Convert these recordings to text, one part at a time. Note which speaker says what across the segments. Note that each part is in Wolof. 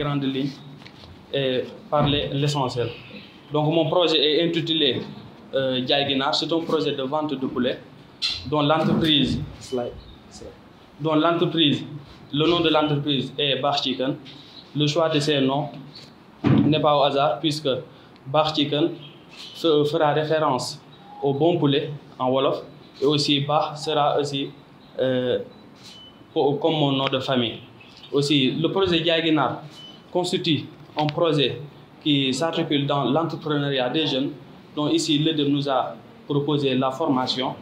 Speaker 1: grandes lignes et parler l'essentiel. Donc mon projet est intitulé euh, Diaguinar, c'est un projet de vente de poulet dont l'entreprise, dont l'entreprise, le nom de l'entreprise est Bar Chicken. Le choix de ces noms n'est pas au hasard puisque Bar Chicken fera référence au bon poulet en Wolof et aussi Bar sera aussi euh, comme mon nom de famille. Aussi, le projet Diaguinar constitue un projet qui s'articule dans l'entrepreneuriat des jeunes, dont ici l'EDEM nous a proposé la formation.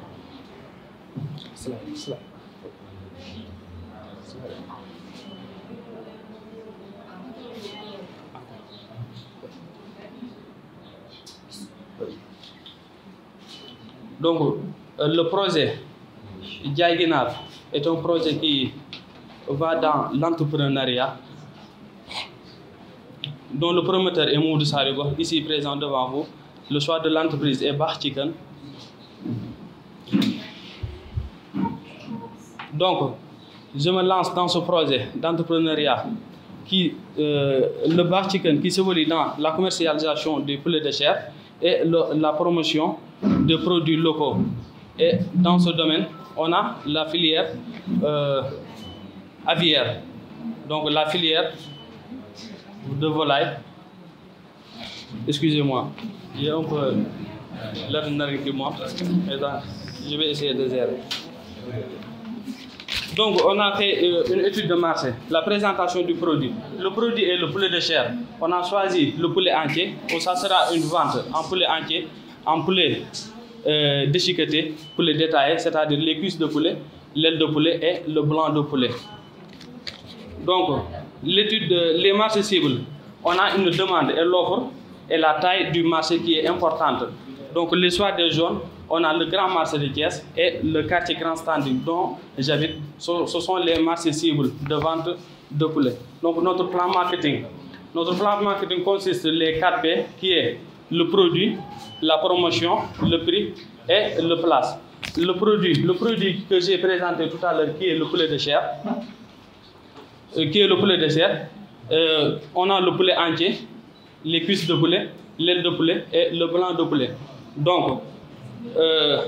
Speaker 1: Donc, euh, le projet Diaguinar est un projet qui va dans l'entrepreneuriat dont le promoteur est Moudou Sarigo, ici présent devant vous. Le choix de l'entreprise est Bach Chicken. Donc, je me lance dans ce projet d'entrepreneuriat qui, euh, le bar chicken qui s'évolue dans la commercialisation des poulets de chair et le, la promotion de produits locaux. Et dans ce domaine, on a la filière euh, aviaire, donc la filière de volaille. Excusez-moi, j'ai un peu l'air nerveux qui monte. Je vais essayer de Donc, on a fait euh, une étude de marché, la présentation du produit. Le produit est le poulet de chair. On a choisi le poulet entier. Donc, ça sera une vente en poulet entier, en poulet euh, déchiqueté, poulet détaillé, c'est-à-dire les cuisses de poulet, l'aile de poulet et le blanc de poulet. Donc, l'étude les marchés cibles, on a une demande et l'offre et la taille du marché qui est importante. Donc le soir des jeunes, on a le grand marché de Thiès et le quartier Grand Standing dont j'habite. Ce, sont les marchés cibles de vente de poulet. Donc notre plan marketing. Notre plan marketing consiste les 4 P qui est le produit, la promotion, le prix et le place. Le produit, le produit que j'ai présenté tout à l'heure qui est le poulet de chair. Euh, qui le poulet de Euh, on a le poulet entier, les cuisses de poulet, l'aile de poulet et le blanc de poulet. Donc, euh,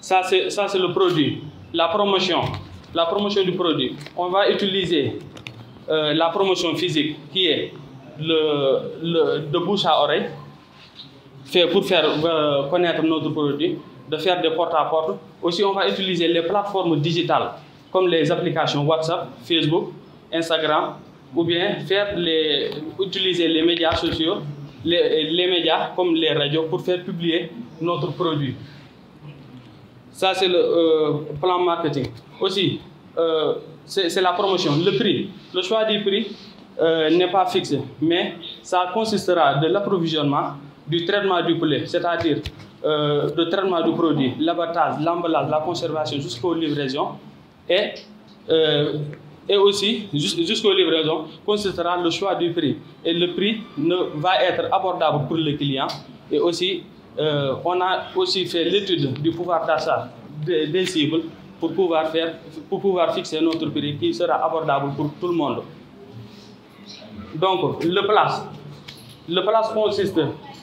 Speaker 1: ça c'est le produit. La promotion, la promotion du produit. On va utiliser euh, la promotion physique qui le, le, de bouche à oreille fait pour faire euh, connaître notre produit, de faire des porte-à-porte. -porte. Aussi, on va utiliser les plateformes digitales comme les applications WhatsApp, Facebook, Instagram ou bien faire les utiliser les médias sociaux les, les médias comme les radios pour faire publier notre produit ça c'est le euh, plan marketing aussi euh, c'est la promotion le prix le choix du prix euh, n'est pas fixé mais ça consistera de l'approvisionnement du traitement du poulet c'est-à-dire de euh, traitement du produit l'abattage l'emballage la conservation jusqu'aux livraisons et euh, et aussi jusqu'aux livraisons consistera le choix du prix. Et le prix ne va être abordable pour le client. Et aussi, euh, on a aussi fait l'étude du pouvoir d'achat des, des, cibles pour pouvoir, faire, pour pouvoir fixer notre prix qui sera abordable pour tout le monde. Donc, le place. Le consiste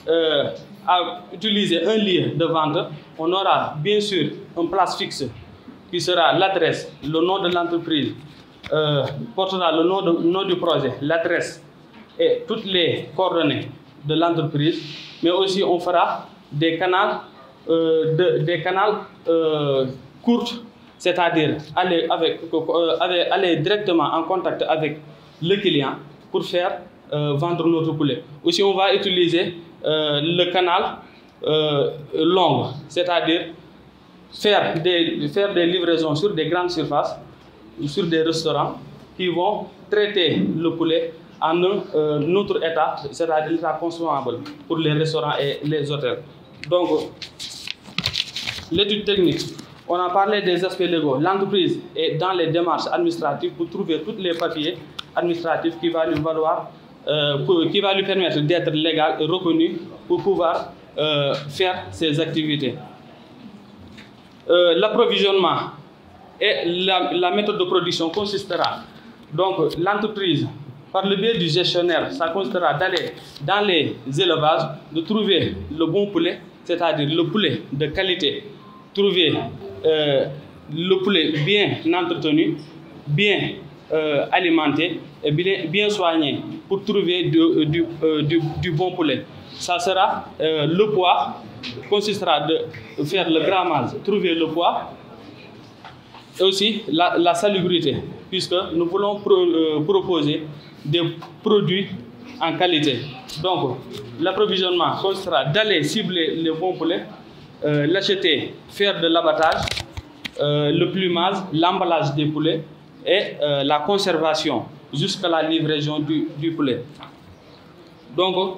Speaker 1: euh, à utiliser un lieu de vente. On aura bien sûr un place fixe qui sera l'adresse, le nom de l'entreprise, euh, portera le nom, de, nom du projet, l'adresse et toutes les coordonnées de l'entreprise, mais aussi on fera des canaux, euh, de, des canaux euh, courts, c'est-à-dire aller, avec, euh, avec, aller directement en contact avec le client pour faire euh, vendre notre poulet. Aussi, on va utiliser euh, le canal long, c'est-à-dire faire des, faire des livraisons sur des grandes surfaces sur des restaurants qui vont traiter le poulet en un euh, autre état, c'est-à-dire l'état consommable pour les restaurants et les hôtels. Donc, l'étude technique, on a parlé des aspects légaux. L'entreprise est dans les démarches administratives pour trouver tous les papiers administratifs qui va lui euh, pour, qui va lui permettre d'être légal et reconnu pour pouvoir euh, faire ses activités. Euh, l'approvisionnement, Et la, la méthode de production consistera, donc l'entreprise, par le biais du gestionnaire, ça consistera d'aller dans les élevages, de trouver le bon poulet, c'est-à-dire le poulet de qualité, trouver euh, le poulet bien entretenu, bien euh, alimenté et bien, bien, soigné pour trouver euh, du, du, euh, du, du bon poulet. Ça sera euh, le poids, consistera de faire le grammage, trouver le poids, aussi la, la salubrité, puisque nous voulons pro, euh, proposer des produits en qualité. Donc, l'approvisionnement consistera d'aller cibler les bons poulets, euh, l'acheter, faire de l'abattage, euh, le plumage, l'emballage des poulets et euh, la conservation jusqu'à la livraison du, du, poulet. Donc,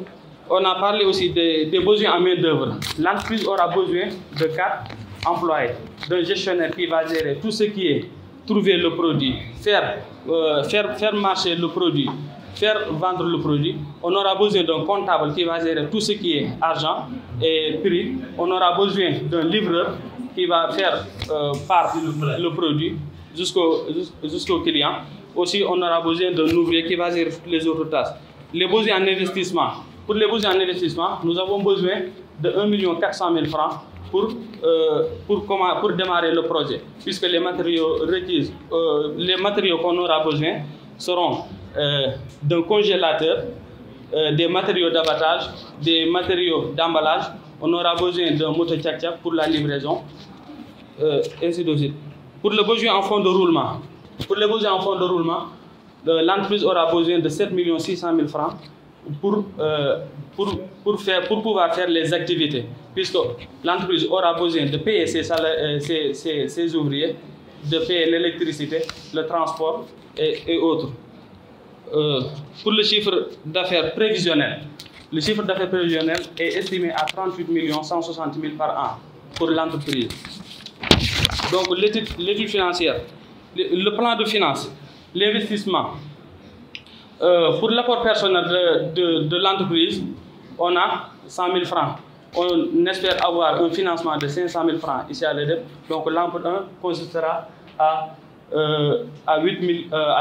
Speaker 1: on a parlé aussi des, des besoins en main-d'œuvre. L'entreprise aura besoin de 4 employé, d'un gestionnaire qui va gérer tout ce qui est trouver le produit, faire, euh, faire, faire marcher le produit, faire vendre le produit. On aura besoin d'un comptable qui va gérer tout ce qui est argent et prix. On aura besoin d'un livreur qui va faire euh, part le produit jusqu'au jusqu'au client. Aussi, on aura besoin d'un ouvrier qui va gérer les autres tâches. Les besoins en investissement. Pour les besoins en investissement, nous avons besoin de 1 400 000 francs pour, euh, pour, comment, pour démarrer le projet, puisque les matériaux requis, euh, les matériaux qu'on aura besoin seront euh, d'un congélateur, euh, des matériaux d'abattage, des matériaux d'emballage, on aura besoin d'un moto tchak, tchak pour la livraison, euh, ainsi de suite. Pour le besoin en fonds de roulement, pour les besoins en fonds de roulement, euh, l'entreprise aura besoin de 7 600 000 francs pour, euh, pour, pour, faire, pour pouvoir faire les activités, puisque l'entreprise aura besoin de payer ses, salariés, euh, ses, ses, ses ouvriers, de payer l'électricité, le transport et, et autres. Euh, pour le chiffre d'affaires prévisionnel, le chiffre d'affaires prévisionnel est estimé à 38 160 000 par an pour l'entreprise. Donc l'étude financière, le, plan de finance l'investissement, Euh, pour l'apport personnel de, de, de l'entreprise, on a francs. On espère avoir un financement de 500 000 francs ici à l'EDEP. Donc l'emprunt 1 consistera à, euh, à, 8 000, euh,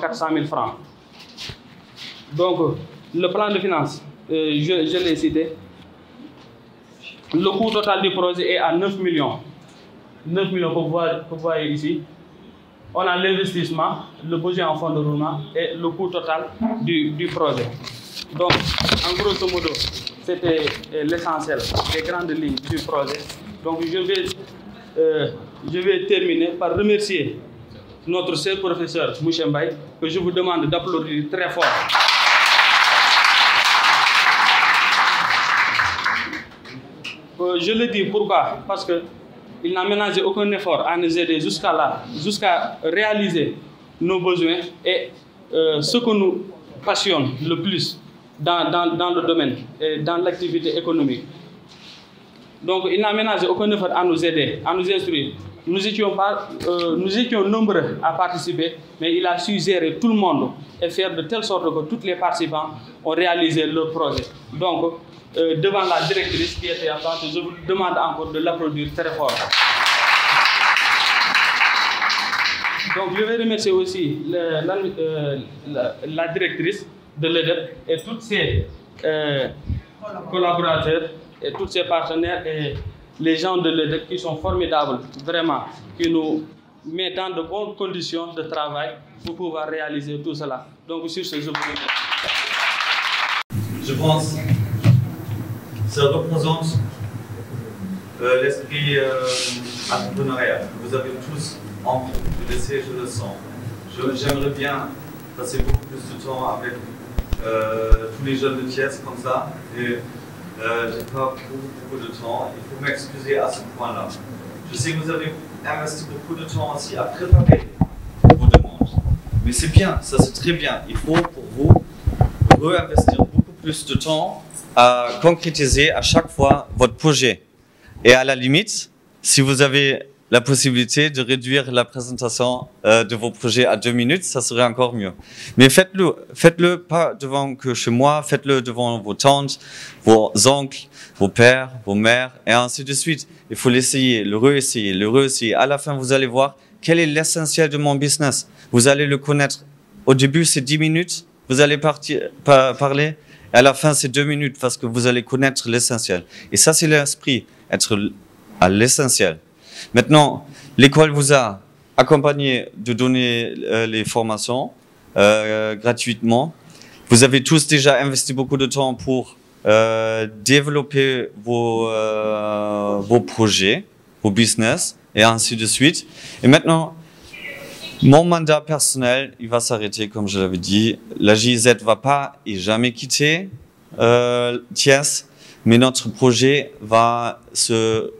Speaker 1: à 8 francs. Donc le plan de finance, euh, je, je l'ai cité. Le coût total du projet est à 9 millions. 9 millions, vous voyez, vous voyez ici. on a l'investissement, le budget en fonds de roulement et le coût total du, du projet. Donc, en grosso modo, c'était euh, l'essentiel des grandes lignes du projet. Donc, je vais, euh, terminer par remercier notre seul professeur Mouchembaï, que je vous demande d'applaudir très fort. Euh, je le dis pourquoi Parce que Il n'a ménagé aucun effort à nous aider jusqu'à là, jusqu'à réaliser nos besoins et euh, ce que nous passionne le plus dans, dans, dans le domaine et dans l'activité économique. Donc il n'a ménagé aucun effort à nous aider, à nous instruire. Nous étions, pas, euh, nous étions nombreux à participer, mais il a su gérer tout le monde et faire de telle sorte que tous les participants ont réalisé le projet. Donc euh, devant la directrice qui était absente, je vous demande encore de l'applaudir très fort. Donc je vais remercier aussi la, euh, la, directrice de l'EDEP et tous ses euh, collaborateurs et tous ses partenaires et les gens de l'EDEP qui sont formidables, vraiment, qui nous mettent de bonnes conditions de travail pour pouvoir réaliser tout cela. Donc sur ce, je vous remercie.
Speaker 2: Je pense se représente euh, l'esprit euh, de laisser, je le sens. J'aimerais bien passer beaucoup plus de temps avec euh, tous les jeunes de Thiès comme ça. Et euh, j'ai pas beaucoup, de temps. Il faut m'excuser à ce point-là. Je sais que vous avez investi beaucoup de temps aussi à préparer Mais c'est bien, ça c'est très bien. Il faut pour vous réinvestir beaucoup plus de temps à concrétiser à chaque fois votre projet. Et à la limite, si vous avez la possibilité de réduire la présentation euh, de vos projets à deux minutes, ça serait encore mieux. Mais faites-le, faites-le pas devant que chez moi, faites-le devant vos tantes, vos oncles, vos pères, vos mères, et ainsi de suite. Il faut l'essayer, le réessayer, le réessayer. À la fin, vous allez voir quel est l'essentiel de mon business. Vous allez le connaître. Au début, c'est dix minutes. Vous allez partir, par, parler Et à la fin, c'est deux minutes parce que vous allez connaître l'essentiel. Et ça, c'est l'esprit, être à l'essentiel. Maintenant, l'école vous a accompagné de donner euh, les formations euh, gratuitement. Vous avez tous déjà investi beaucoup de temps pour euh, développer vos, euh, vos projets, vos business et ainsi de suite. Et maintenant, Mon mandat personnel, il va s'arrêter, comme je l'avais dit. La GIZ va pas et jamais quitter euh, Thiès, mais notre projet va se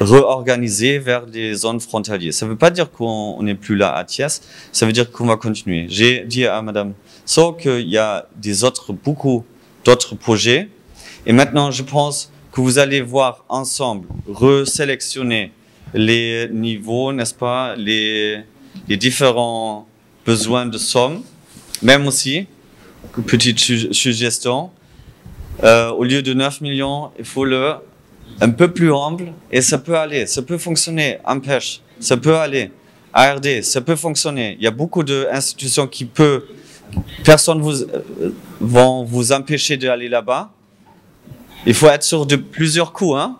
Speaker 2: réorganiser vers des zones frontalières. Ça ne veut pas dire qu'on n'est plus là à Thiès, ça veut dire qu'on va continuer. J'ai dit à Madame So qu'il y a des autres, beaucoup d'autres projets. Et maintenant, je pense que vous allez voir ensemble, resélectionner les niveaux, n'est-ce pas, les, les différents besoins de somme, même aussi, petite suggestion, euh, au lieu de 9 millions, il faut le un peu plus humble et ça peut aller, ça peut fonctionner, empêche, ça peut aller. ARD, ça peut fonctionner. Il y a beaucoup d'institutions qui peuvent, personne vous, euh, vont vous empêcher d'aller là-bas. Il faut être sûr de plusieurs coups, hein.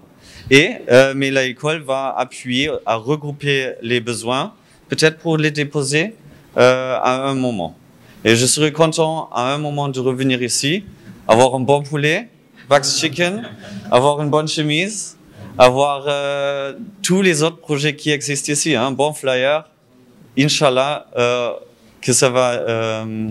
Speaker 2: Et, euh, mais l'école va appuyer à regrouper les besoins peut-être pour les déposer euh, à un moment. Et je serai content à un moment de revenir ici, avoir un bon poulet, Vax Chicken, avoir une bonne chemise, avoir euh, tous les autres projets qui existent ici, un hein, bon flyer. Inch'Allah, euh, que ça va euh,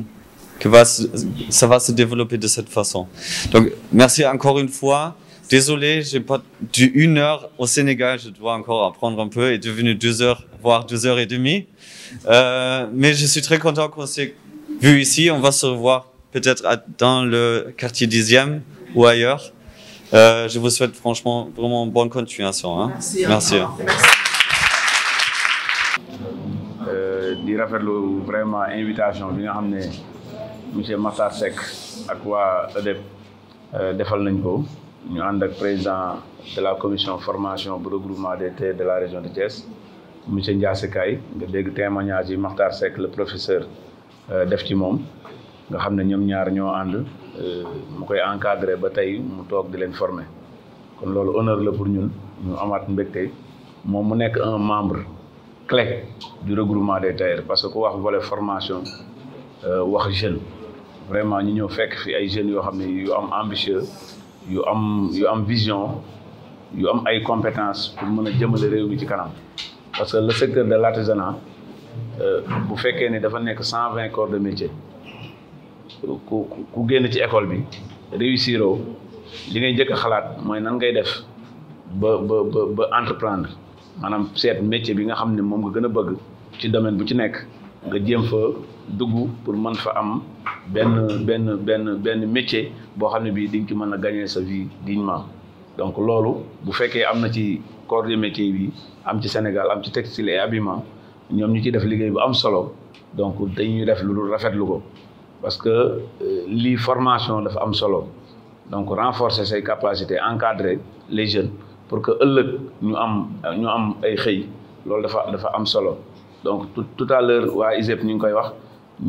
Speaker 2: que va, ça va se développer de cette façon. Donc, merci encore une fois. Désolé, j'ai pas du une heure au Sénégal, je dois encore apprendre un peu et devenu deux heures, voire deux heures et demie. Euh, mais je suis très content qu'on s'est vu ici. On va se revoir peut-être dans le quartier dixième ou ailleurs. Euh, je vous souhaite franchement vraiment bonne continuation. Hein. Merci. Merci.
Speaker 3: Euh, di rafetlu vraiment invitation bi nga xam ne monsieur Massar Seck ak waa EDEP euh, defal nañ ko. ñu ànd ak président de la commission formation bu regroupement des TER de la région de Thiès monsieur Ndiasse Kaye nga dégg témoignage yi Makhtar Seck le professeur euh, def ci moom nga xam ne ñoom ñaar ñoo ànd euh, mu koy encadré ba tey mu toog di leen former kon loolu honneur la pour ñun ñu amaat mbégte moom mu nekk un membre clé du regroupement des TER parce que ku wax volet formation euh, wax jeune vraiment ñu ñëw fekk fi ay jeunes yoo xam ne yu am ambitieux yu am yu am vision yu am ay compétence pour mën a jëmale réew mi ci kanam parce que le secteur de l'artisanat euh, bu fekkee ne dafa nekk cent vingt corps de métier ku ku génn ci école bi réussir li ngay njëkk xalaat mooy nan ngay def ba ba ba entreprendre maanaam seet métier bi nga xam ne moom nga gën a bëgg ci domaine bu ci nekk nga jëm fa dugg pour man fa am benn benn benn benn métier boo xam ne bii di nga ci mën a gagner sa vie dignement donc loolu bu fekkee am na ci corps de métier bi am ci Sénégal am ci textile et habillement ñoom ñu ci def liggéey bu am solo donc dañuy def lu dul rafetlu ko parce que euh, lii formation dafa am solo donc renforcer say capacités encadrer les jeunes pour que ëllëg ñu am ñu am ay xëy loolu dafa dafa am solo donc tout tout à l'heure waa ISEP ñu ngi koy wax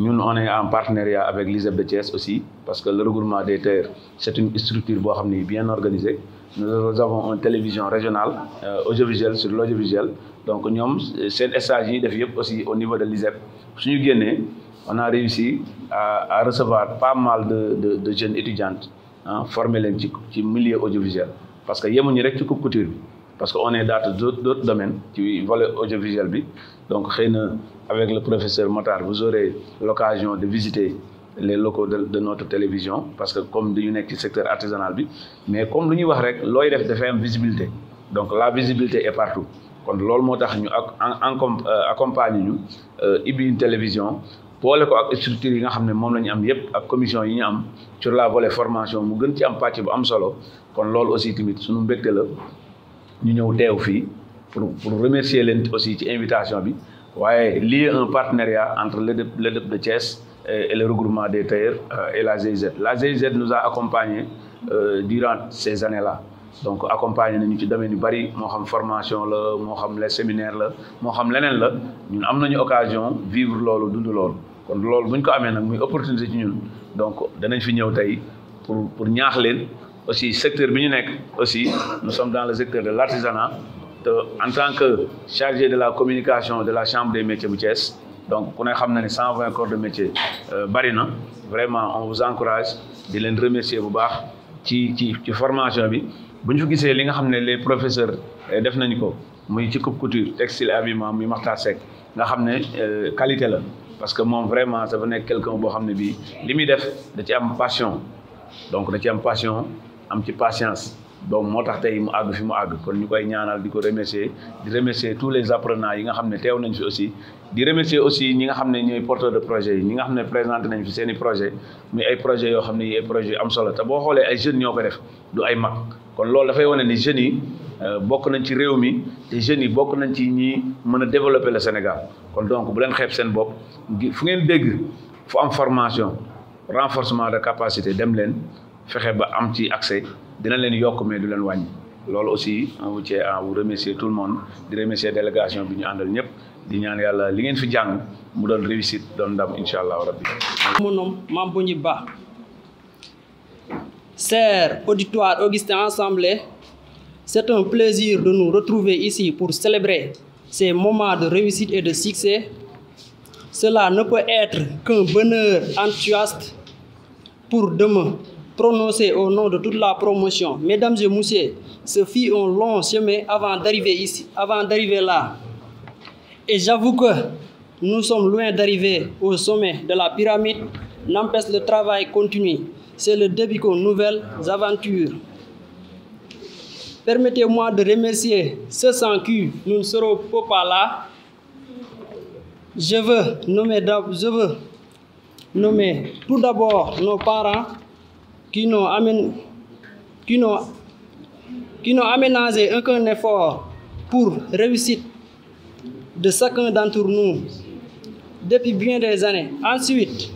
Speaker 3: ñun on est en partenariat avec l'ISEP de Thiès aussi parce que le regroupement des terres c'est une structure boo xam ni bien organisée nous avons une télévision régionale euh, audiovisuelle sur l'audiovisuel donc ñoom seen stage yi def yëpp aussi au niveau de l'ISEP suñu génnee on a réussi à à recevoir pas mal de de de jeunes étudiantes ah former leen ci ci milieu audiovisuel parce que yemuñu rek ci coupe couture bi parce que on est dans d'autres domaines ci volet audiovisuel bi donc xëy na avec le professeur Matar vous aurez l'occasion de visiter les locaux de, de notre télévision parce que comme dañu nekk ci secteur artisanal bi mais comme lu ñuy wax rek looy def dafay am visibilité donc la visibilité et partout kon loolu moo tax ñu ak euh, accompagne ñu ibbi euh, une télévision boole ko ak structure yi nga xam ne moom la ñu am yépp ak commission yi ñu am sur la volet formation mu gën ci am pàcc bu am solo kon loolu aussi tamit suñu mbégte la ñu ñëw teew fii pour pour remercier leen aussi ci invitation bi waaye lier un partenariat entre l'EDEP l'EDEP de Thiès euh, et le regroupement des tailleurs euh, et la GIZ la GIZ nous a accompagnés euh, durant ces années-là donc na ñu ci domaine yu bari moo xam formation la moo xam les séminaires la moo xam leneen la ñun am nañu occasion vivre loolu dund loolu kon loolu bu ñu ko amee nag muy opportunité ci ñun donc danañ fi ñëw tey pour ñaax leen aussi secteur bi ñu nekk aussi nous sommes dans le secteur de l'artisanat te en tant que chargé de la communication de la chambre des métiers bu Thiès donc ku ne xam na ne cent vingt corps de métier euh, bari na vraiment on vous encourage di leen remercier bu baax ci ci ci formation bi bu ñu fa gisee li nga xam ne les professeurs euh, def nañu ko muy ci coupe couture textile habillement muy Makhtar sec nga xam ne euh, qualité la parce que moom vraiment dafa nekk quelqu'un boo xam ne bii li muy def da ci am passion donc da ci am passion am ci patience donc moo tax tey mu àgg fi mu àgg kon ñu koy ñaanal di ko remercier di remercier tous les apprenants yi nga xam ne teew nañ fi aussi di remercier aussi ñi nga xam ne ñooy porteur de projet yi ñi nga xam ne présenté nañ fi seeni projet muy ay projet yoo xam ne yi ay projets am solo te boo xoolee ay jeunes ñoo ko def du ay mag kon loolu dafay wane ni jeunes yi euh, bokk nañ ci réew mi te jeunes yi bokk nañ ci ñi mën a développer le Sénégal kon donc bu leen xeeb seen bopp fu ngeen dégg fu am formation renforcement de capacité dem leen fexe ba am ci accès dina leen yokk mais du leen wàññi loolu aussi on vous tient à vous tout le monde di remercier délégation bi ñu àndal ñëpp di ñaan yàlla li ngeen fi jàng mu doon réussite doon ndam incha allah rabbi.
Speaker 4: monom Mambouny Ba. Chers auditoires augustin assemblée c'est un plaisir de nous retrouver ici pour célébrer ces moments de réussite et de succès. Cela ne peut être qu'un bonheur enthousiaste pour demain. prononcées au nom de toute la promotion. Mesdames et messieurs, ce fut un long chemin avant d'arriver ici, avant d'arriver là. Et j'avoue que nous sommes loin d'arriver au sommet de la pyramide. N'empêche, le travail continue. C'est le début de nouvelles aventures. Permettez-moi de remercier ceux sans qui nous ne serons pas là. Je veux nommer, je veux nommer tout d'abord nos parents, qui n'ont amen... qui n'ont qui n'ont aménagé pour réussite de chacun d'entre nous depuis bien des années. Ensuite,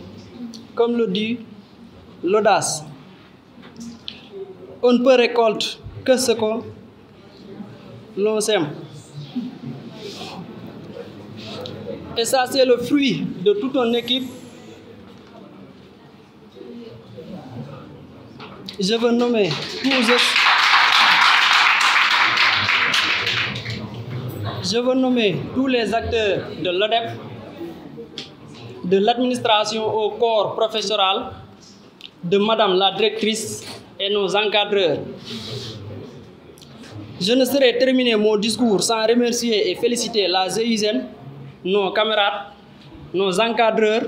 Speaker 4: comme le dit l'audace, on ne peut récolter que ce que l'on sème. Et le fruit de toute une équipe Je veux nommer tous les acteurs de l'ODEP, de l'administration au corps professoral, de Madame la directrice et nos encadreurs. Je ne saurais terminer mon discours sans remercier et féliciter la GISN, nos camarades, nos encadreurs,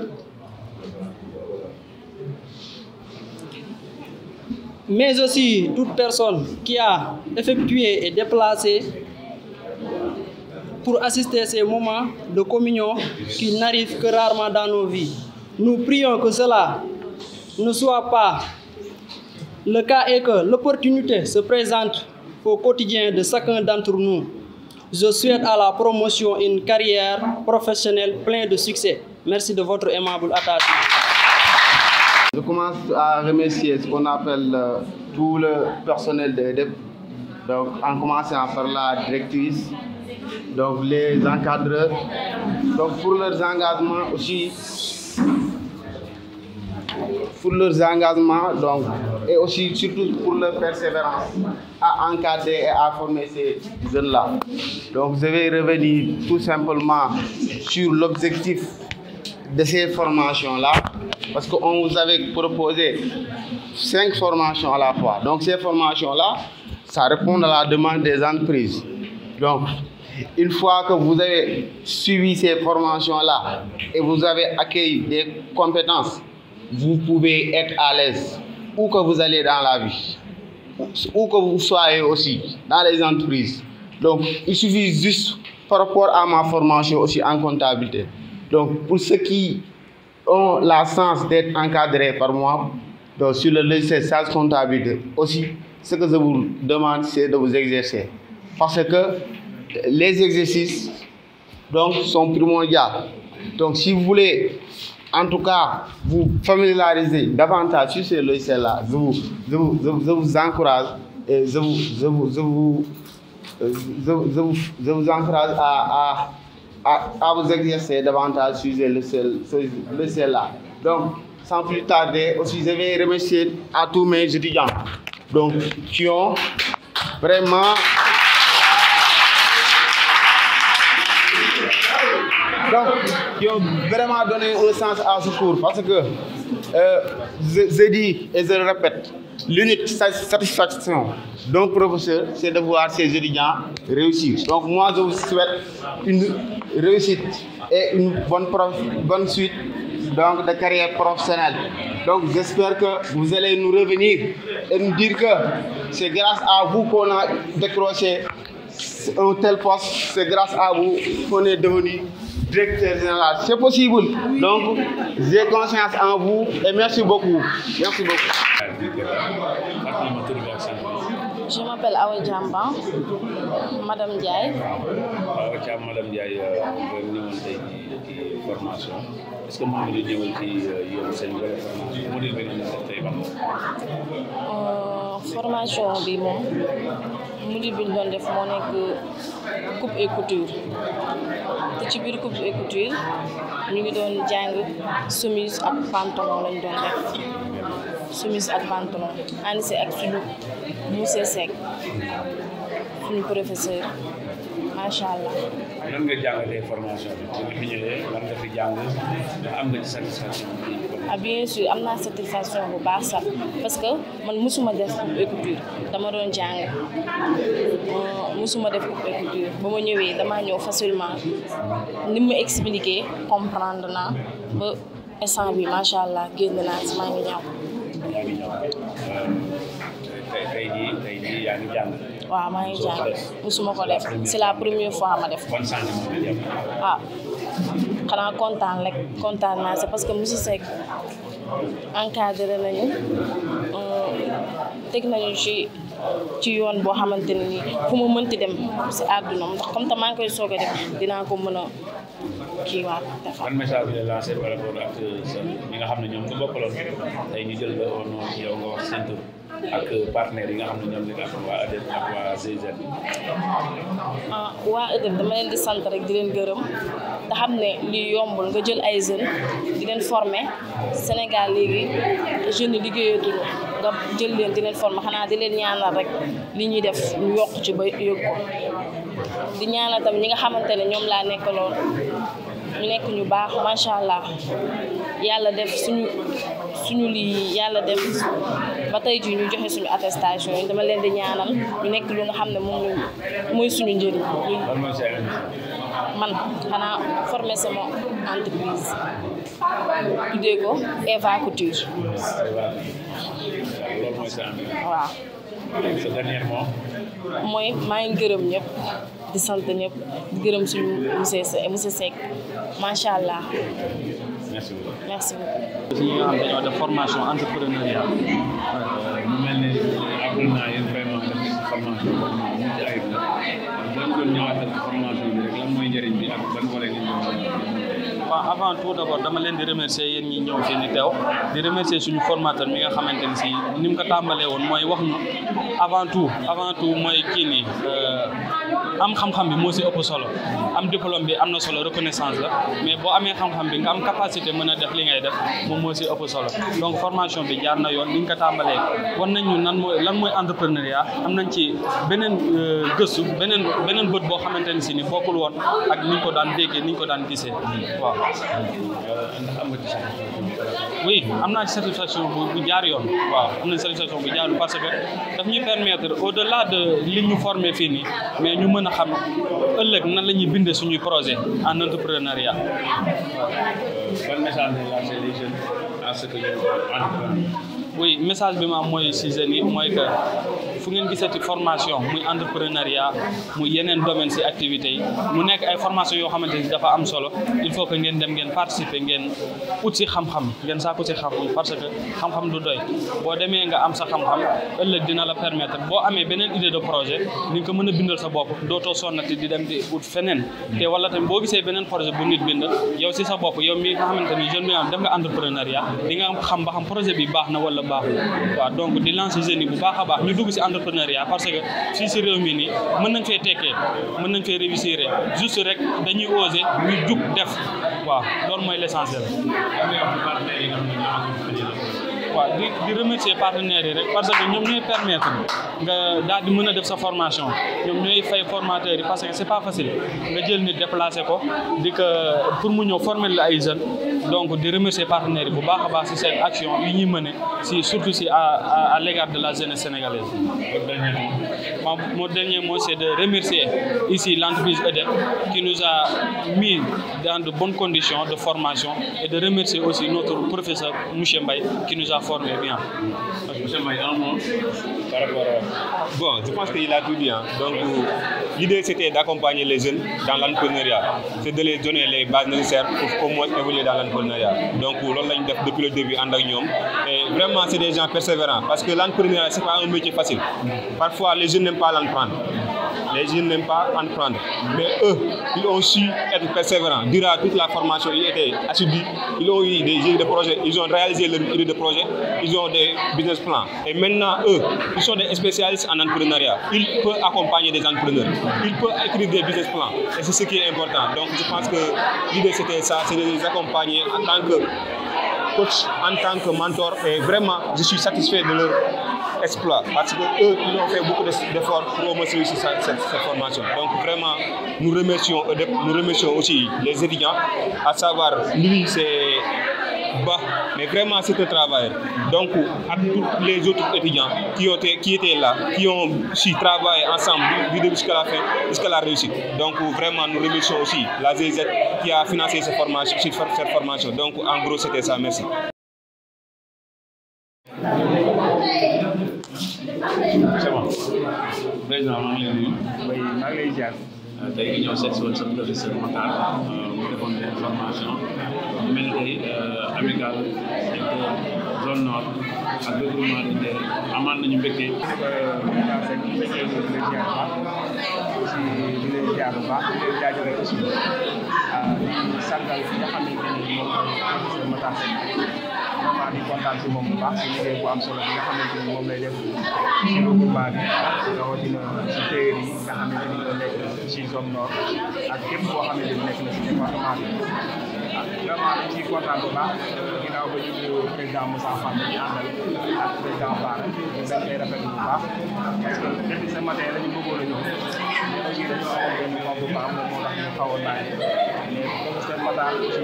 Speaker 4: mais aussi toute personne qui a effectué et déplacé pour assister à ces moments de communion qui n'arrivent que rarement dans nos vies. Nous prions que cela ne soit pas le cas et que l'opportunité se présente au quotidien de chacun d'entre nous. Je souhaite à la promotion une carrière professionnelle pleine de succès. Merci de votre aimable attention.
Speaker 5: Je commence à remercier ce qu'on appelle euh, tout le personnel de l'EDEP, donc en commençant par la directrice, donc les encadreurs, donc pour leurs engagements aussi, pour leurs engagements donc, et aussi surtout pour leur persévérance à encadrer et à former ces jeunes-là. Donc je vais revenir tout simplement sur l'objectif de ces formations-là, parce qu'on vous avait proposé cinq formations à la fois. Donc ces formations-là, ça répond à la demande des entreprises. Donc, il fois que vous avez suivi ces formations-là et vous avez accueilli des compétences, vous pouvez être à l'aise où que vous allez dans la vie, où que vous soyez aussi, dans les entreprises. Donc, il suffit juste par rapport à ma formation aussi en comptabilité. Donc, pour ceux qui ont la chance d'être encadré par moi, donc sur le logiciel sage comptabilité aussi, ce que je vous demande, c'est de vous exercer. Parce que les exercices, donc, sont primordiaux. Donc, si vous voulez, en tout cas, vous familiariser davantage sur ce logiciel-là, je vous, je, vous, je, encourage et je vous, je vous, je vous, euh, encourage à, à à, à vous exercer davantage sur le ciel, sur le ciel là. Donc, sans plus tarder, aussi je vais remercier à tout mais étudiants donc, qui ont vraiment... Donc, qui vraiment donné un sens à ce cours parce que Euh, je, je dis et je le répète, l'unique satisfaction donc professeur, c'est de voir ses réussir. Donc moi, je vous souhaite une réussite et une bonne, prof, bonne suite donc, de carrière professionnelle. Donc j'espère que vous allez nous revenir et nous dire que c'est grâce à vous qu'on a décroché un tel poste, c'est grâce à vous qu'on est devenu directeur général. C'est possible. Donc, j'ai confiance vous et merci beaucoup. Merci beaucoup.
Speaker 6: Je m'appelle Awa Diamba madame Ndiaye. waaw
Speaker 3: Thiam madame Ndiaye nga ñëwoon tey ci
Speaker 6: formation bi nga minute bi ñu doon def moo nekk coupe et te ci biir coupe et ñu ngi doon jàng chemise ak pantalon lañ doon def chemise ak pantalon ànd si ak suñu monsieur Seck suñu professeur macha allah.
Speaker 3: lan nga jàngalee formation bi bi nga fi ñëwee lan fi jàng nga am nga ci satisfaction
Speaker 6: ah bien sûr am naa satisfaction bu baax sax parce que man musuma def coupe dama doon jàng musuma def coupe écriture ba ma ñëwee damaa ñëw facilement ni mu expliqué comprendre naa ba instant bi macha allah génn naa si maa ngi ñaw.
Speaker 7: tey jii tey jii
Speaker 6: waaw maa ngi jàng musuma ko def c'est la première fois ma def. ah. xanaa kontaan rek kontaan naa si parce que Miss Sèck encadré nañu euh, teg nañu ci ci yoon boo xamante ni fu mu mënti dem si àdduna ndax comme te maa ngi koy soog a dinaa ko mën a kii waat
Speaker 3: defar. ban la lancé euh, ñi nga xam ne ñoom nga bokkaloon ñu jël la au nom ci wax seen ak partenaires yi nga xam ne ñoom lañ am waa
Speaker 6: EDEB ah, dama leen di sant rek di leen gërëm te xam ne lii yombul nga jël ay jeunes di leen former Sénégal léegi jeunes yi liggéeyatuñu nga jël leen di leen former xanaa di leen ñaanal rek li ñuy def ñu yokk ci ba yëg di ñaanal tam ñi nga xamante ne ñoom laa nekk lool ñu nekk ñu baax macha allah yàlla def suñu. suñu lii yàlla def ba tey jii ñu joxe suñu attestation yi dama leen di ñaanal ñu nekk lu xam ne moom la mooy suñu njëriñ. man xanaa formé sama entreprise tuddee ko Eva Couture. waaw. mooy maa ngi gërëm ñëpp di sant ñëpp gërëm suñu monsieur monsieur Seck macha allah. merci beaucoup. merci beaucoup. si ñi nga xam dañoo def formation
Speaker 3: entrepreneuriat. Euh, mu mel ne euh, ak naa yéen vraiment def formation bu
Speaker 7: mucc ayib la.
Speaker 1: avant tout d' abord dama leen di remercier yéen ñi ñëw fii ni teew di remercier suñu formateur mi nga xamante ni si ni mu ko tàmbalee woon mooy wax ñu avant tout avant tout mooy kii nii euh, am xam-xam bi moo si ëpp solo am diplôme bi am na solo reconnaissance la mais boo amee xam-xam bi nga am capacité mën a def li ngay def moom moo si ëpp solo donc formation bi jaar na yoon ni ñu ko tàmbalee wan nañ ñu nan mooy lan mooy entrepreneuriat am nañ ci beneen euh, gëstu beneen beneen bët boo xamante ni si ni bokkul woon ak ni ko daan déggee ni ñu ko daan gisee waaw oui am naa ci satisfaction bu jaar yoon waaw am nañ satisfaction bu jaar parce que daf ñuy permettre au delà de li ñu formé fii nii mais ñu mën a xam ëllëg nan la ñuy bindee suñuy projet en entrepreneuriat. ban message ngay que ñu message bi ma am mooy si jeunes yi mooy que. fu ngeen gisati formation muy entrepreneuriat muy yeneen domaine si activité yi mu nekk ay formation yoo xamante ni dafa am solo il faut que ngeen dem ngeen participer ngeen ut si xam-xam ngeen sàkku si parce que xam-xam du doy boo demee nga am sa xam-xam ëllëg dina la permettre boo amee beneen idée de projet ni nga ko mën a bindal sa bopp dootoo sonnati di dem di ut feneen te wala tamit boo gisee beneen projet bu nit bind yow si sa bopp yow mi nga xamante ni jeune bi am def nga entrepreneuriat di xam ba xam projet bi baax na wala baax waaw donc di lancer jeune entrepreneuriat parce que fii si réew mi nii mën nañ fee tekkee mën nañ fee réussir juste rek dañuy oser ñu jug def waaw loolu mooy l'essentiel waaw di di remercier partenaires yi rek parce que ñoom ñooy permettre nga daal di mën a def sa formation ñoom ñooy fay formateurs yi parce que c'est pas facile nga jël ni déplacé ko di que pour mu ñëw former la ay jeunes donc di remercier partenaires yi bu baax a baax si seen action yi ñuy mëne si surtout si à à l'égard de la jeunesse sénégalaise. mon dernier mot, c'est de remercier ici l'entreprise EDEP qui nous a mis dans de bonnes conditions de formation et de remercier aussi notre professeur Mouchembaï qui nous a formés
Speaker 8: bien. par rapport
Speaker 7: à...
Speaker 8: Bon, je pense qu'il a tout dit. Donc, l'idée, c'était d'accompagner les jeunes dans l'entrepreneuriat. C'est de les donner les bases nécessaires pour au moins évoluer dans l'entrepreneuriat. Donc, l'on depuis le début, en Et vraiment, c'est des gens persévérants. Parce que l'entrepreneuriat, ce n'est pas un métier facile. Parfois, les jeunes n'aiment pas l'entreprendre. Les jeunes n'aiment pas entreprendre. Mais eux, ils ont su être persévérants. Durant toute la formation, ils étaient assidus. Ils ont de projet. Ils ont réalisé leurs idées de projet. Ils ont des business plans. Et maintenant, eux, ils sont des spécialistes en entrepreneuriat. Ils peuvent accompagner des entrepreneurs. Ils peuvent écrire des business Et c'est important. Donc, je pense que l'idée, c'était ça, c'est de les en tant que coach, en tant que mentor. Et vraiment, je suis satisfait de leur exploit parce que eux, ils ont fait beaucoup d'efforts pour au moins réussir cette, cette, formation. Donc vraiment, euh, nous remercions, aussi les étudiants, à savoir lui, c'est Bah mais vraiment c'est un travail. Donc, à tous les autres étudiants qui, ont, qui étaient là, qui ont aussi travaillé ensemble du début la fin, jusqu'à la réussite. Donc, vraiment, nous remercions aussi la ZZ qui a financé cette formation. Cette formation. Donc, en gros, c'était ça. Merci.
Speaker 7: C'est bon. Euh, tey nga ñëw seet si woon sa professeur Matar euh, mu defoon benn formation mu mel euh, zone nord
Speaker 3: ak groupement de amaan
Speaker 7: nañu mbégte. jaar bu baax di jaajëfal aussi di sargal ki nga xamante ni moom professeur Matar Seck vraiment di kontaan si moom bu baax si liggéey bu am solo bi nga xamante ni moom lay def si groupement bi rawatina si téere yi nga xamante ni ñoo nekk ci zone nord ak képp koo xam ne nekk na si département bi ah vraiment dañ ciy kontaan bu baax ginnaaw ba ñu nuyu président Moussa Fall ñu àndal ak président Bara dañ koy rafetlu bu baax parce que depuis ce matin la ñu bëggoon a ñëw léegi dañu amoon benn moom bu baax moom moo tax ñu xaw a laaj mais professeur Matar ci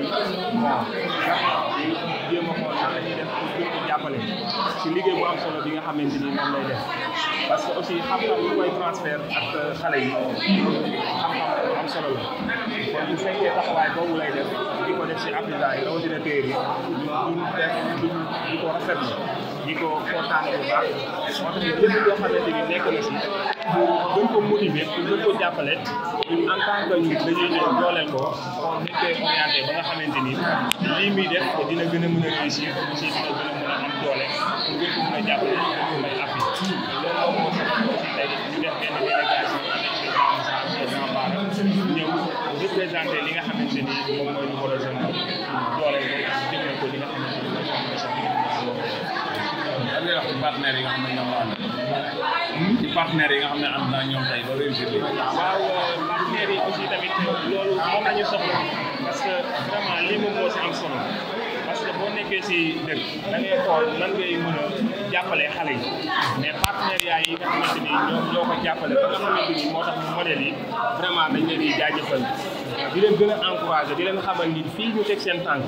Speaker 7: bon jàppale ci liggéey bu am solo bi nga xamante ni moom lay def parce que aussi xam-xam lu koy ak euh, xale yi xam la kon bu fekkee di ko def si appliquant yi rawatina téer yi ñu def duñ di ko rafetlu di ko kontaan bu baax moo tax lépp loo xamante ni nekk na si pour gën ko motiver pour gën ko jàppale ñun en tant que ñun dañuy ñëw dooleel ko ni dina gën a a réussir jàppale may appui loolu moom moo tax tey ñu def benn délégation avec président Moussa président Bara ñëw représenté li nga xamante ni moom mooy numéro jeune doole jëmee ko li nga
Speaker 3: xamante ni mooy formation bi lan ngay wax ci partenaires yi nga xam ne ñoom la ànd ci partenaires yi nga xam ne ànd naa ñoom tey
Speaker 7: ba réussir li waaw partenaires yi aussi tamit loolu moom la ñu soxla parce que vraiment lii moom moo si am solo nekkee si dëkk da ngay xool nan ngay mën jàppale xale yi mais partenariat yi nga xamante ni ñoo ñoo ko jàppale ba nga xamante ni moo tax modèle yi vraiment dañ leen di jaajëfal di leen gën a encouragé di leen xamal ni fii ñu teg seen tànk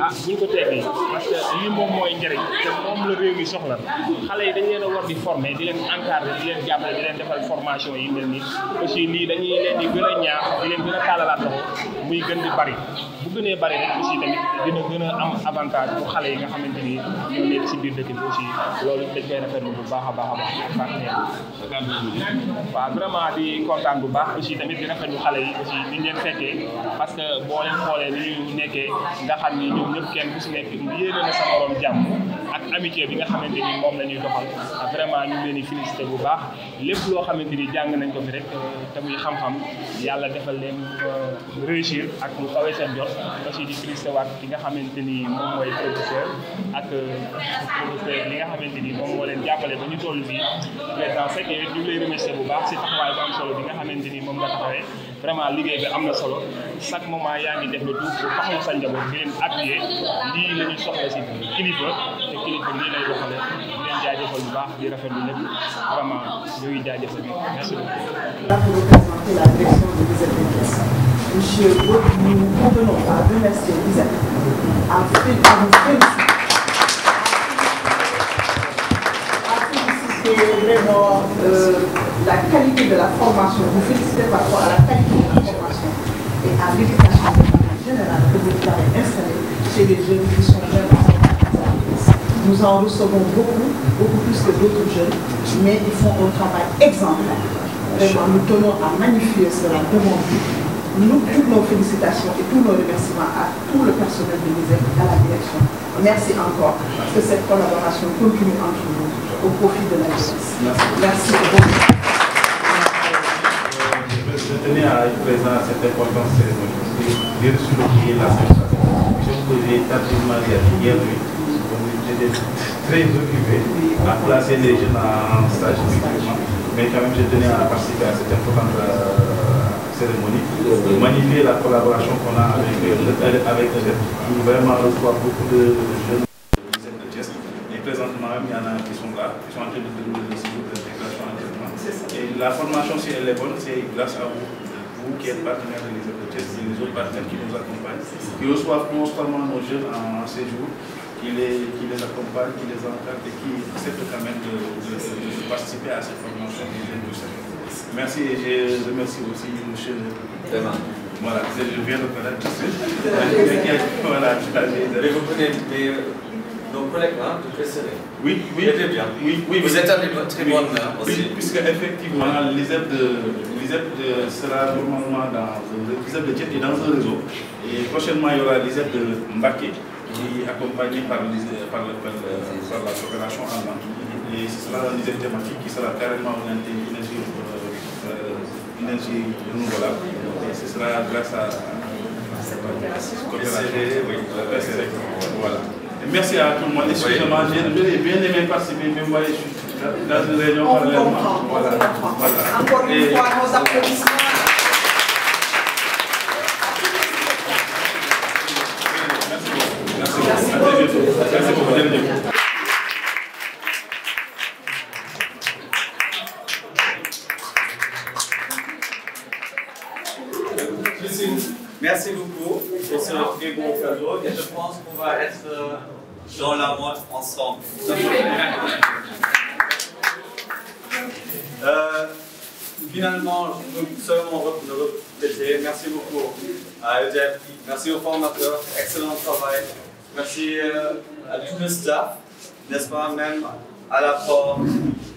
Speaker 7: ah buñ ko teewee parce que lii moom mooy njëriñ te moom la réew mi soxla xale yi dañ leen a war di former di leen encadrer di leen jàppale defal formation yi mel nii aussi lii dañuy leen gën a ñaax di leen gën a tàllalaat muy gën di bari bu gënee bari rek aussi dina gën a am bu xale yi nga xamante ni ñoo nekk si biir dëkk bi aussi loolu dañ bu baax a baax waaw vraiment di kontaan bu baax aussi tamit di xale yi aussi ñu leen fekkee parce que boo leen xoolee ni ñu nekkee nga xam ni ñoom ñëpp kenn ku si nekk yéene na jàmm ak bi nga xamante ni moom la ñuy doxal ah, vraiment ñu leen di félicité bu baax lépp loo xamante ni jàng nañ ko fi rek euh, te muy xam-xam defal leen euh, réussir ak lu kawe seen jot aussi di félicité waat ki nga xamante ni moom mooy professeur ak euh, professeur li nga xamante ni moom moo leen jàppale ba ñu toll fii président Seck ñu ngi lay remercié bu baax si taxawaay bu am solo bi nga xamante ni moom la taxawee vraiment liggéey bi am na solo chaque moment yaa ngi def le tout pour taxaw sa njaboot di leen appuyer lii la ñuy soxla si kilifa te kilifa lii lay doxale di leen jaajëfal bu baax di rafetlu lépp vraiment ñuy jaajëfal merci beaucoup. la direction de Monsieur, nous vous convenons à remercier Elisabeth,
Speaker 6: à féliciter la qualité de la formation, vous félicitez par à la qualité de la formation et à l'éducation en
Speaker 5: général que vous avez installée chez les jeunes qui sont jeunes. Nous en recevons beaucoup, beaucoup plus que d'autres jeunes, mais ils font un travail exemplaire. nous
Speaker 6: tenons à magnifier cela devant vous. Nous, nos félicitations et tous nos remerciements à tout le personnel de l'ISEC, à la direction. Merci encore que cette collaboration
Speaker 3: tenais a être présent à cette importante cérémonie parce que Dieu sur le pied la sensation. Je vous ai tardivement hier nuit. J'étais très occupé à placer les jeunes en stage Mais quand même, je tenais à participer à cette importante cérémonie,
Speaker 5: magnifier la collaboration qu'on a avec, avec les jeunes. Vraiment, on reçoit beaucoup de
Speaker 3: jeunes de Thiès. Et présentement, il y en qui sont là, qui sont en train de dérouler la formation, si elle est bonne, c'est grâce à vous, vous qui êtes partenaire des autres, les autres partenaires qui nous accompagnent, qui reçoivent constamment nos jeunes en, en séjour, qui les, qui les accompagnent, qui les encadrent et qui acceptent quand même de, de, de participer à cette formation des jeunes du Sénégal. Merci et je remercie aussi M. Demain.
Speaker 7: Voilà, je viens de connaître tout ça. Voilà, je l'ai nos
Speaker 3: collègues hein, du PCD. E. Oui, oui. Était bien. Oui, oui, Vous êtes allé très bonne oui, aussi. puisque effectivement, de, de, sera dans. L'ISEP de Tchèque est dans un réseau. Et prochainement, il y aura l'ISEP de Mbaké, qui est accompagné par, par, par, par la coopération allemande. Et ce sera un ISEP thématique qui sera carrément
Speaker 8: orienté énergie, euh, énergie euh, renouvelable. Et ce sera grâce à. à cette coopération. E, oui, e. voilà. merci à tout le monde. Excusez-moi, j'ai bien
Speaker 1: aimé participer, mais moi, je suis dans une réunion on parallèlement. Comprend, voilà. Comprend. voilà.
Speaker 4: Encore une Et... fois, nos applaudissements. Merci beaucoup. Merci beaucoup. Merci beaucoup. Merci beaucoup.
Speaker 2: merci aux formateurs, excellent travail. Merci euh, à tout le staff, n'est-ce pas, même à la porte,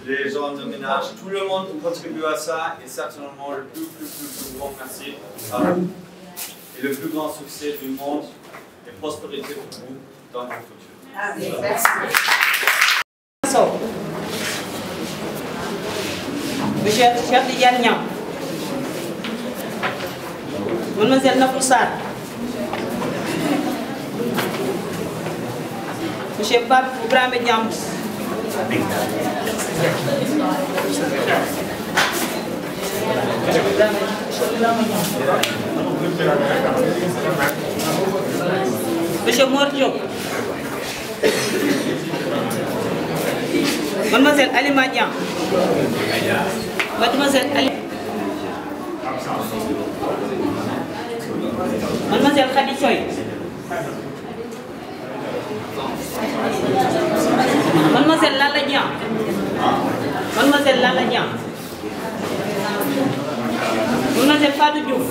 Speaker 2: les gens de ménage, tout le monde contribue à ça et certainement
Speaker 6: le plus, plus, plus, plus grand merci à vous. Et le plus grand succès du monde et prospérité pour vous dans le futur. Allez, ah, merci. Monsieur Cheikh Tidiane Niang, Mademoiselle Nafou Sarr Monsieur Pape Ibrahima Diambou Monsieur Mor Diop Mademoiselle Alima Dian Mademoiselle Ali Mademoiselle Khady Choy Mademoiselle Lalla Dieng Mademoiselle Lalla Dieng Mademoiselle Fatou Diouf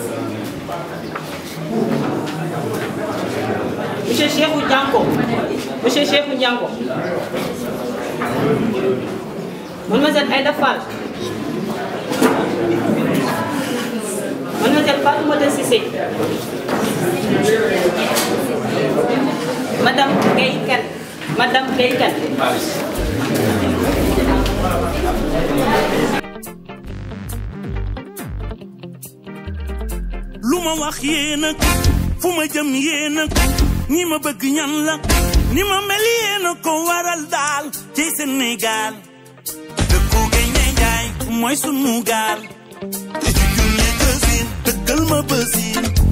Speaker 6: Monsieur Cheikhou Dianko Monsieur Cheikhou Dianko Mademoiselle Aïda Fall Mademoiselle Fatoumata Cissé Madame Gaye Kane madame béykat
Speaker 1: lu ma wax yéen a fu ma jëm yéen a kat ma bëgg ñan la ni ma mel yéen ko waral daal ci Sénégal dëkku gay ne jaay mooy sunu
Speaker 8: te ci junne dëggal ma bësin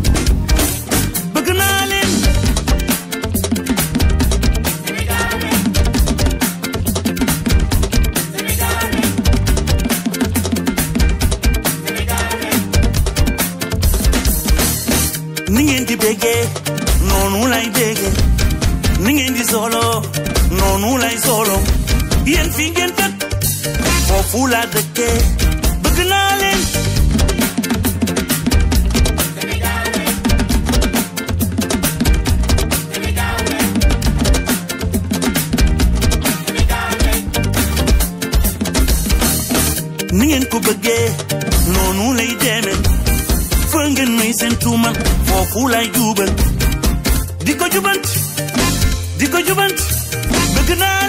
Speaker 2: déggee noonu lay déggee ni ngeen di solo noonu lay solo
Speaker 1: yéen fi ngeen tëkk foofu laa dëkkee bëgg naa leen ni ngeen ko noonu lay demee fa ngeen may seen tuuman foofu lay jubal
Speaker 8: di ko jubant di ko jubant bëgg naa